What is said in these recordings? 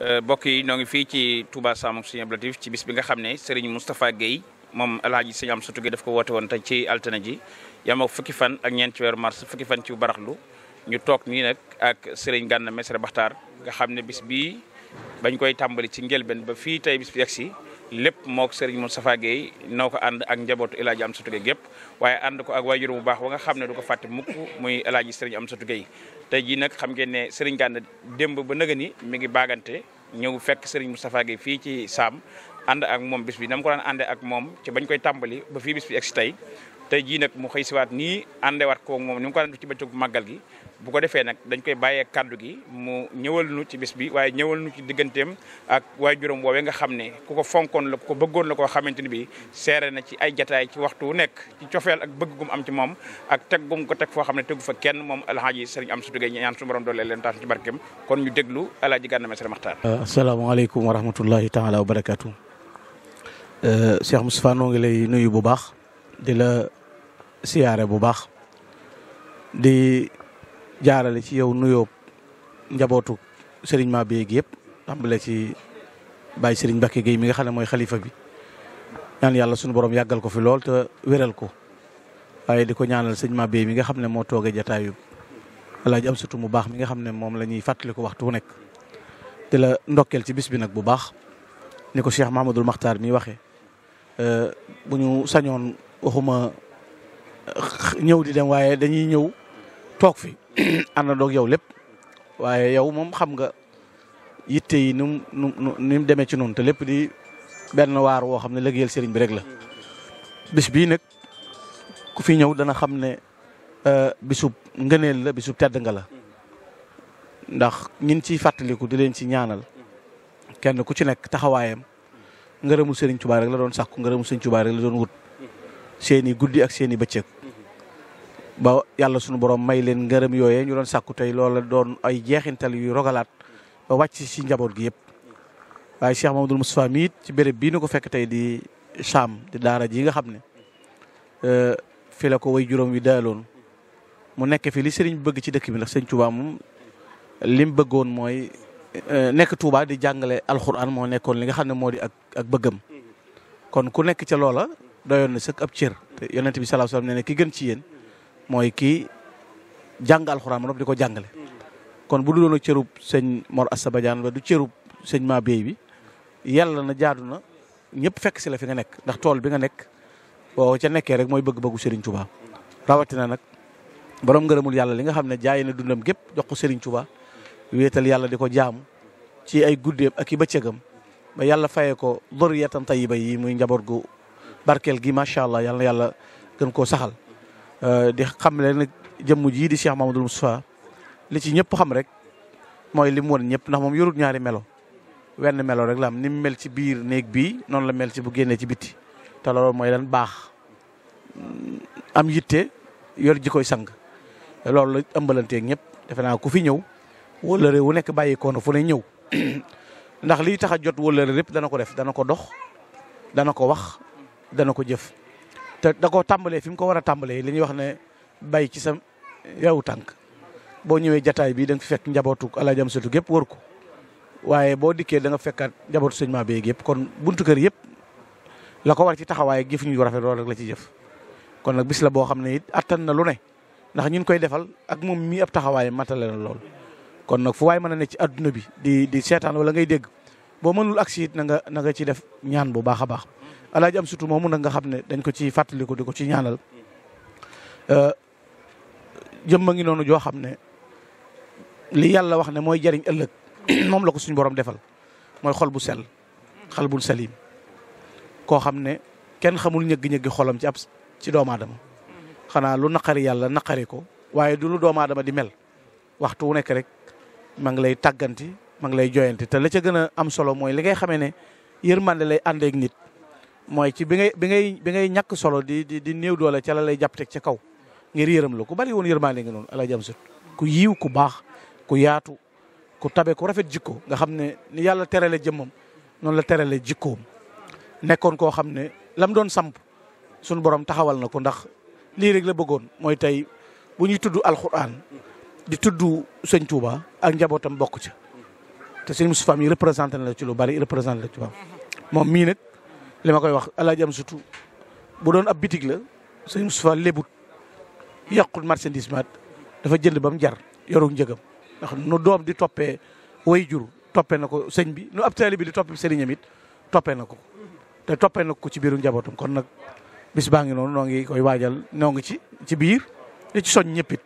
Euh, mbokk yi ñoo ngi fii ci tubaa Samou Serigne Abdou Latif ci bis bi nga xam ne Serigne Moustapha Guèye moom alhaaji Serigne Amsatou Guèye daf ko woote woon tey ci altine ji yam ak fukki fan ak ñeent ci weeru mars fukki fan ci baraxlu ñu toog nii nag ak Serigne Gana Messere Baxtaar nga xam ne bis bii bañ koy tàmbali ci njëlbeen ba fii tey bis bi yegsi lépp moo ko Serigne Moustapha Gueye noo ko ànd ak njabootu El am Amsatou Gueye gépp waaye ànd ko ak waajur bu baax wa nga xam ne du ko fàtte mukk muy El Hadj am Amsatou Gueye tey jii nag xam ngeen ne Serigne Gana démb ba nëga ni mi ngi baagante ñëw fekk Serigne Moustapha Gueye fii ci Saam and ak moom bis bi na mu ko daan àndee ak moom ci bañ koy tàmbali ba fii bis bi egsi tey tey jii nag mu xëy siwaat nii àndewaat koo moom nu mu ko daan ci ci bëccëgu màggal gi bu ko defee nag dañ koy bàyyee kàddu gi mu ñëwal nu ci bis bi waaye ñëwal nu ci digganteem ak waaye juróom woowee nga xam ne ku ko fonkoon la ku ko bëggoon la koo xamante ni bi seere na ci ay jataay ci waxtu wu nekk ci cofeel ak bëgg gum am ci moom ak teg gum ko teg foo xam ne tegu fa kenn moom alhaaji sëriñ am sutugay ñaan su borom doole leen taas ci barkeem kon ñu déglu alaaji Gana Messere Maxtaar euh, asalaamaaleykum wa rahmatullahi taala wa barakaatu euh, Cheikh Moustapha noo ngi lay nuyu bu baax di la siyaare bu baax di jaarale ci yow nuyoo njabootu sëriñ Serigne Mabeye gi yëpp tàmbale ci Baye Serigne Mbacke Gueye mi nga xam ne mooy xalifa bi ñaan yàlla sunu borom yàggal ko fi lool te wéral ko waaye di ko ñaanal sëñ Mabeye mi nga xam ne moo toogee jataayu alaaji am surtout mu baax mi nga xam ne moom la ñuy fàttali ko waxtu wu nekk te la ndokkeel ci bis bi nag bu baax ni ko Cheikh Mahamadoul Makhtar mi waxee euh, bu ñu sañoon waxuma euh, ñëw di dem waaye dañuy ñëw toog fi na àndandoog yow lépp waaye yow moom xam nga yitte yi nu mu nu mu demee ci noonu te lépp di benn waar woo xam ne liggéeyal sëriñ bi rek la. bis bii nag ku fi ñëw dana xam ne euh, bisub ngëneel la bisub tedd nga la ndax ñin ciy fàttaliku di leen ci ñaanal kenn ku ci nekk taxawaayam ngërëmu sëriñ Tuubaa rek la doon sàkku ngërëmu sëriñ Tuubaa rek la doon wut seeni guddi ak seeni bëccëg. ba yàlla sunu boroom may leen ngërëm yooyee ñu doon sàkku tey loola doon ay jeexintal yu rogalaat ba wàcc ci njaboot gi yëpp waaye Cheikh Mamadou Moustapha mi it ci béréb bii nu ko fekk tey di Cham di daara ji nga xam ne euh, fi la ko way juróom wi daaloon mu nekk fi li sëriñ bëgg ci dëkk bi ndax sëñ Touba moom lim bëggoon mooy euh, nekk Touba di jàngale alxuraan moo nekkoon li nga xam ne moo di ak ak bëggam kon ku nekk ca loola doyoon na sëkk ab cër te ci yéen. mooy kii jàng alxuraan moom di ko jàngale. kon bu duloon a cërub sëñ Mor Assa ba du cërub sëñ maa béy bi yàlla na jaadu na ñëpp fekk si la fi nga nekk ndax tool bi nga nekk boo ca nekkee rek mooy bëgg-bëggu Serigne Touba rawatina nag boroom nga ngërëmul yàlla li nga xam ne jaay na dundam gépp jox ko Serigne Touba yàlla di ko jaamu ci ay guddeem ak i bëccëgam ba yàlla fayee ko doriyatan tayiba yi muy njaboot gu barkeel gi macha allah yàlla yàlla gën koo saxal. Euh, di xam leen nag jëmm jii di Cheikh Mamadou Moustapha li ci ñëpp xam rek mooy li mu woon ñëpp ndax moom yorut ñaari melo wenn melo rek la am ni mu mel ci biir néeg bii noonu la mel ci bu génnee ci bitti te loolu mooy lan baax mm, am yitte yor ji koy sang loolu la ëmbalanteeg ñëpp defe naa ku fi ñëw wóllare wu nekk bàyyi ko na fu ne ñëw ndax liy tax a jot wóllare lépp dana ko def dana ko dox dana ko wax dana ko jëf te da koo tàmbalee fi mu ko war a tàmbalee li ñuy wax ne bay ci sa yow tànk boo ñëwee jataay bi da nga fi fekk njabootu ala jam sëtu gépp wër ko waaye boo dikkee da nga fekkaat njabootu sëñ maa beeg yëpp kon buntu kër yëpp la ko war ci taxawaay jëf ñu rafet lool rek la ci jëf kon nag bis la boo xam ne it attan na lu ne ndax ñun koy defal ak moom mii ab taxawaay matale na lool kon nag fu waay mën na ne ci adduna bi di di seetaan wala ngay dégg boo mënul agsi it na nga na nga ci def ñaan bu baax a baax alaaji am surtout moomu nag nga xam ne dañ ko ci fàttaliku di ko ci ñaanal euh, jëm ngi noonu joo xam ne li yàlla wax ne mooy jariñ ëllëg moom la ko suñ boroom defal mooy xol bu sel xal bul salim koo xam ne kenn xamul ñëgg-ñëgg xolam ci ab ci doomu xanaa lu naqari yàlla naqari ko waaye du lu doomu di mel waxtu wu nekk rek ma ngi lay tàgganti ma ngi lay joyanti te la ca gën a am solo mooy li ngay xamee ne yërmande lay àndeek nit mooy ci bi ngay bi ngay ngay ñàkk solo di di di néew doole ca la lay jàpp teg ca kaw ngir yërëm la ku bari woon yërmande nga noonu ala jam sut ku yiw ku baax ku yaatu ku tabe ku rafet jikko nga xam ne ni yàlla terale jëmmam noonu la terale jikkoom nekkoon koo xam ne lam doon samp suñu borom taxawal na ko ndax lii rek la bëggoon mooy tey bu ñuy tudd alquran di tudd sëñ Touba ak njabootam bokk ca te sëñ Moustapha mi représenté na la ci lu bari représenté la ci baax moom mii nag li ma koy wax El Hadj surtout bu doon ab bitig la sëñ Moustapha lebut yàqul marchandise maat dafa jënd ba mu jar yorul njëgam ndax nu doom di toppee way jur toppee na ko sëñ bi nu ab taalibe bi di toppee sëriñam it toppee na ko te toppee na ko ci biiru njabootam kon nag bis baa ngi noonu noo ngi koy waajal noo ngi ci ci biir li ci soñ ñëpp it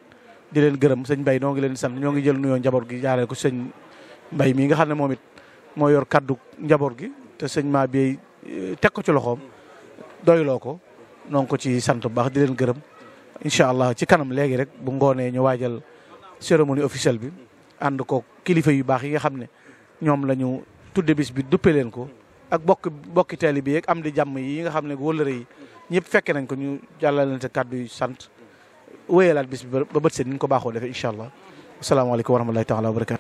di leen gërëm sëñ Baye noo ngi leen sant ñoo ngi jël nuyoo njaboot gi jaaree ko sëñ mbay mii nga xam ne moom it moo yor kaddu njaboot gi te sëñ maa bi eh, teg ko ci loxoom doyloo ko noo ci sant bu baax di leen gërëm incha allah ci kanam léegi rek bu ngoonee ñu waajal cérémonie officielle bi ànd ko kilifa yu baax yi nga xam ne ñoom la ñu tudde bis bi duppe leen ko ak bokk bokki taali bi yeeg am di jàmm yi nga xam ne wóllëre yi ñëpp fekke nañ ko ñu jàllalante kàddu yu sant wéyalaat bis bi ba bët seen ni ñu ko baaxoo defee incha allah asalaamaaleykum wa